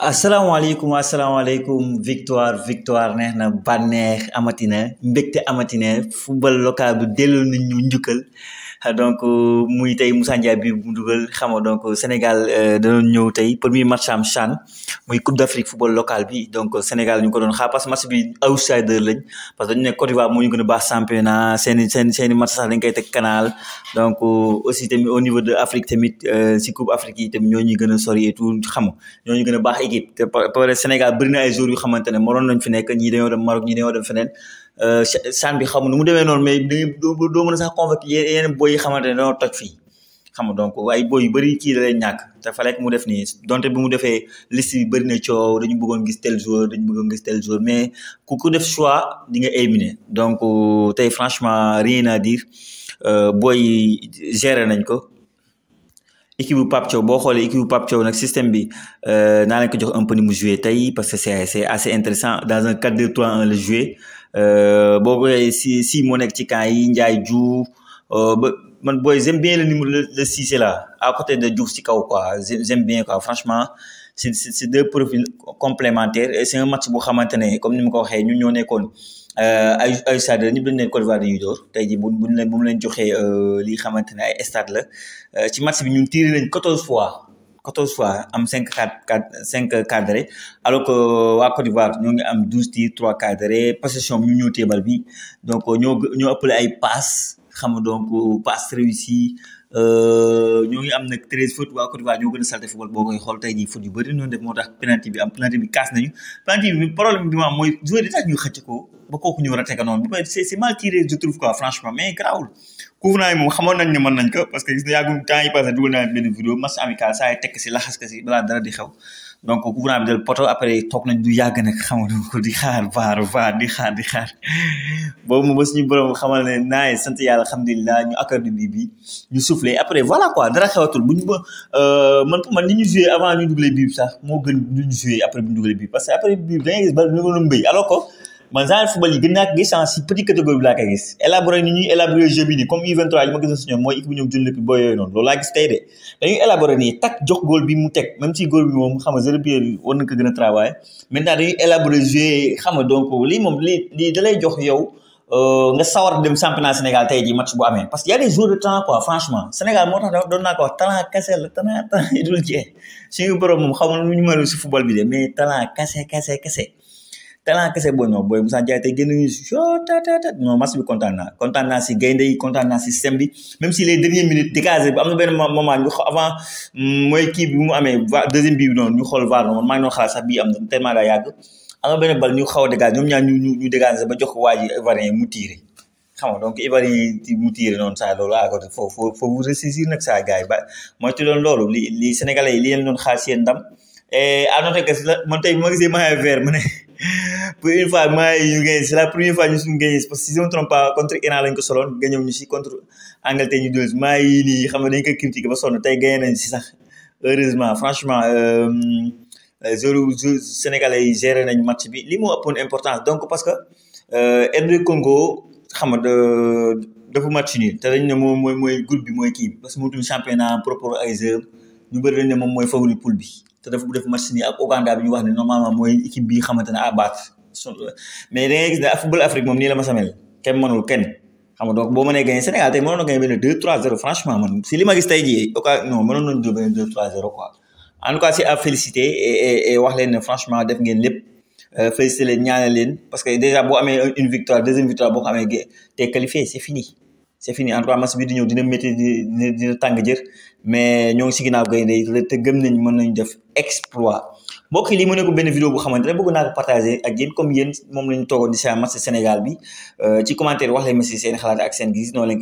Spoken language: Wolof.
asalaamaaleykum asalaamaaleykum victoire victoire neex na bànneex amatina amatine amatine. football local bi delloo nañ ñu njukkal donc euh, muy tay Moussa Ndiaye bi mu dugal xam donc euh, Sénégal euh, danoon ñëw premier match am CHAN muy Coupe d'Afrique football local bi donc Sénégal ñu ko doon xaar parce que match bi outsider lañ parce que dañu ne Côte d'Ivoire mo ñu gëna a baax championnat seeni seen seeni match sax dañ koy tek canal donc aussi tamit au niveau de Afrique tamit si Coupe Afrique yi tamit ñoo ñu gëna sori et tout xam ñoo ñu gëna baax équipe te pare Sénégal bëri na ay joueurs yu xamante ne moroon nañ fi nekk ñii dañoo dem Maroc ñii dañoo dem euh, bi xamu nu mu demee noonu mais dañuy doo mën a sax convoqué yeneen boy yi xamante ne dañoo toj fii xam donc waaye boy yu bëri kii da leen ñàkk te fallait mu def nii donte bi mu defee liste bi bëri na coow dañu bëggoon gis tel joueur dañu bëggoon gis tel joueur mais ku ku def choix di nga éliminer donc euh, tey franchement rien à dire euh, boy yi géré nañ ko équipe bu Pape bo xolé équipe bu Pape nak système bi euh, na leen ko jox un peu ni mu jouer tay parce que c'est c'est assez intéressant dans un 4-2-3-1 le jouer euh ko si si moo nekk ci cas, yi Ndiaye djou euh, bah, boy, j'aime bien le numéro le, 6 là, à côté de Diouf quoi. J'aime bien, quoi. Franchement, c'est deux profils complémentaires. Et c'est un match pour maintenir comme nous dit, nous sommes Côte d'Ivoire leen euh, li euh, match bi nous fois 14 fois am alors que euh, Côte d'Ivoire tirs 3 possession ñu bi donc ñoo ñoo ay passes xam nga donc passe réussie euh, ñoo ngi am nag treize fautes waa Côte d'Ivoire ñoo gën a salté football boo koy xool tey jii fautes yu bëri noonu def mooy joueur di tax ñu xëcc ko ba kooku ñu war noonu bu c' est mal tiré trouve quoi franchement mais garaawul couvre naa yi moom xamoon nañ ne nañ ko parce que gis na yàggul temps yi passé dugal naa benn vidéo match amical saa yi tekk si laxas ko si balaa dara di xew donc ko bi del poto après tok nañ du yag nak xamal ko di xaar baaru vaar di xaar di xaar bo moom ba suñu borom xamal ne naay sant yàlla alhamdulilah ñu accordé bi bi ñu soufflé après voilà quoi dara xewatul buñu ba man man ni ñu jouer avant ñu dugalee bi sax mo gën ñu jouer après bu ñu bi parce que après bi da ngay gis ba ñu ko mbéy alors que man football yi gën ak ko gis en si petite catégorie la kay koy gis élaborer ni ñuy élaborer jeu bi ni comme U23 li ma gisoon si moy équipe bu ñëw junne bi booy non lo la laa gis tey de dañuy élaborer ni tak jox góol bi mu tek même si góol bi mom xam nga zéro pied war na ko gëna a travailler maintenant dañuy élaborer jeu xam nga donc li mom li li dalay jox yow euh nga sawar dem championnat Sénégal tay ji match bu amé parce que y a des jours de temps quoi franchement Sénégal moo tax doon na ko talent cassé la talent talent yi dul jeex suñu borom moom xamul ñu mënul ci football bi dé mais talent cassé cassé cassé talent kese booy non booy Moussa Ndiaye tey génn ñu si non match bi kontaan naa kontaan naa si gaynde yi kontaan naa si système bi si les dernières minutes décasé bi am na benn mm, mu amee deuxième bii bi ñu xool VAR noonu maa ngi doon xalaat sax bii bal ñu xaw a dégagé ñoom ñaar ñu ñu ñu dégagé ba jox ko waa ji mu tiire xam nga donc Ivoirien yi mu tiire noonu saa loolu à côté foofu foofu foofu ressaisir nag saa gars yi ba mooy ci doon loolu li li yi li leen doon xaar seen ndam et à noter ma gisee maillot vert ma ne pour une fois mooy ils gagnent. c'est la première fois ñu suñu gagné parce que si je ne trompe pas contre Iran lañ ko soloon gagné ñu contre Angleterre ñu dul maa ngi nii xam nga dañ ko critiqué ba sonn tey gagné nañ si sax heureusement franchement zéro euh, euh, sénégalais yi géré nañ match bi li moo ëppoon importance donc parce que Henry euh, Congo xam de dafa match nii te dañ ne moom mooy mooy groupe bi mooy kii parce que moom tamit championnat propre ay heures ñu bëri dañ ne moom mooy favori poule bi te dafa def match nii ak Ouganda bi ñu wax ni normalement mooy équipe bi xamante ne à battre mais da ngay gis ne football Afrique moom nii la ma samel kenn mënul kenn xam nga donc boo mënee gagné Sénégal tey mënoon na gagné benn 2 3 0 franchement man si li ma gis tey jii oka non mënoon nañu jël benn 2 3 0 quoi en tout cas si à féliciter et et wax leen ne franchement def ngeen lépp euh, féliciter leen ñaanal leen parce que déjà boo amee une victoire deuxième victoire boo ko amee te qualifié c'est fini c'est fini en tout cas match bi di ñëw dina métti dina dina jër mais ñoo ngi si ginnaaw gaynde te gëm nañ mën nañu def exploit mbokk yi lii mu nekk benn vidéo bu xamante ne bëgg naa ko partagé ak yéen comme yéen moom la ñu di seen match Sénégal bi euh, ci commentaire wax leen ma si seen xalaat ak seen gis noonu lañ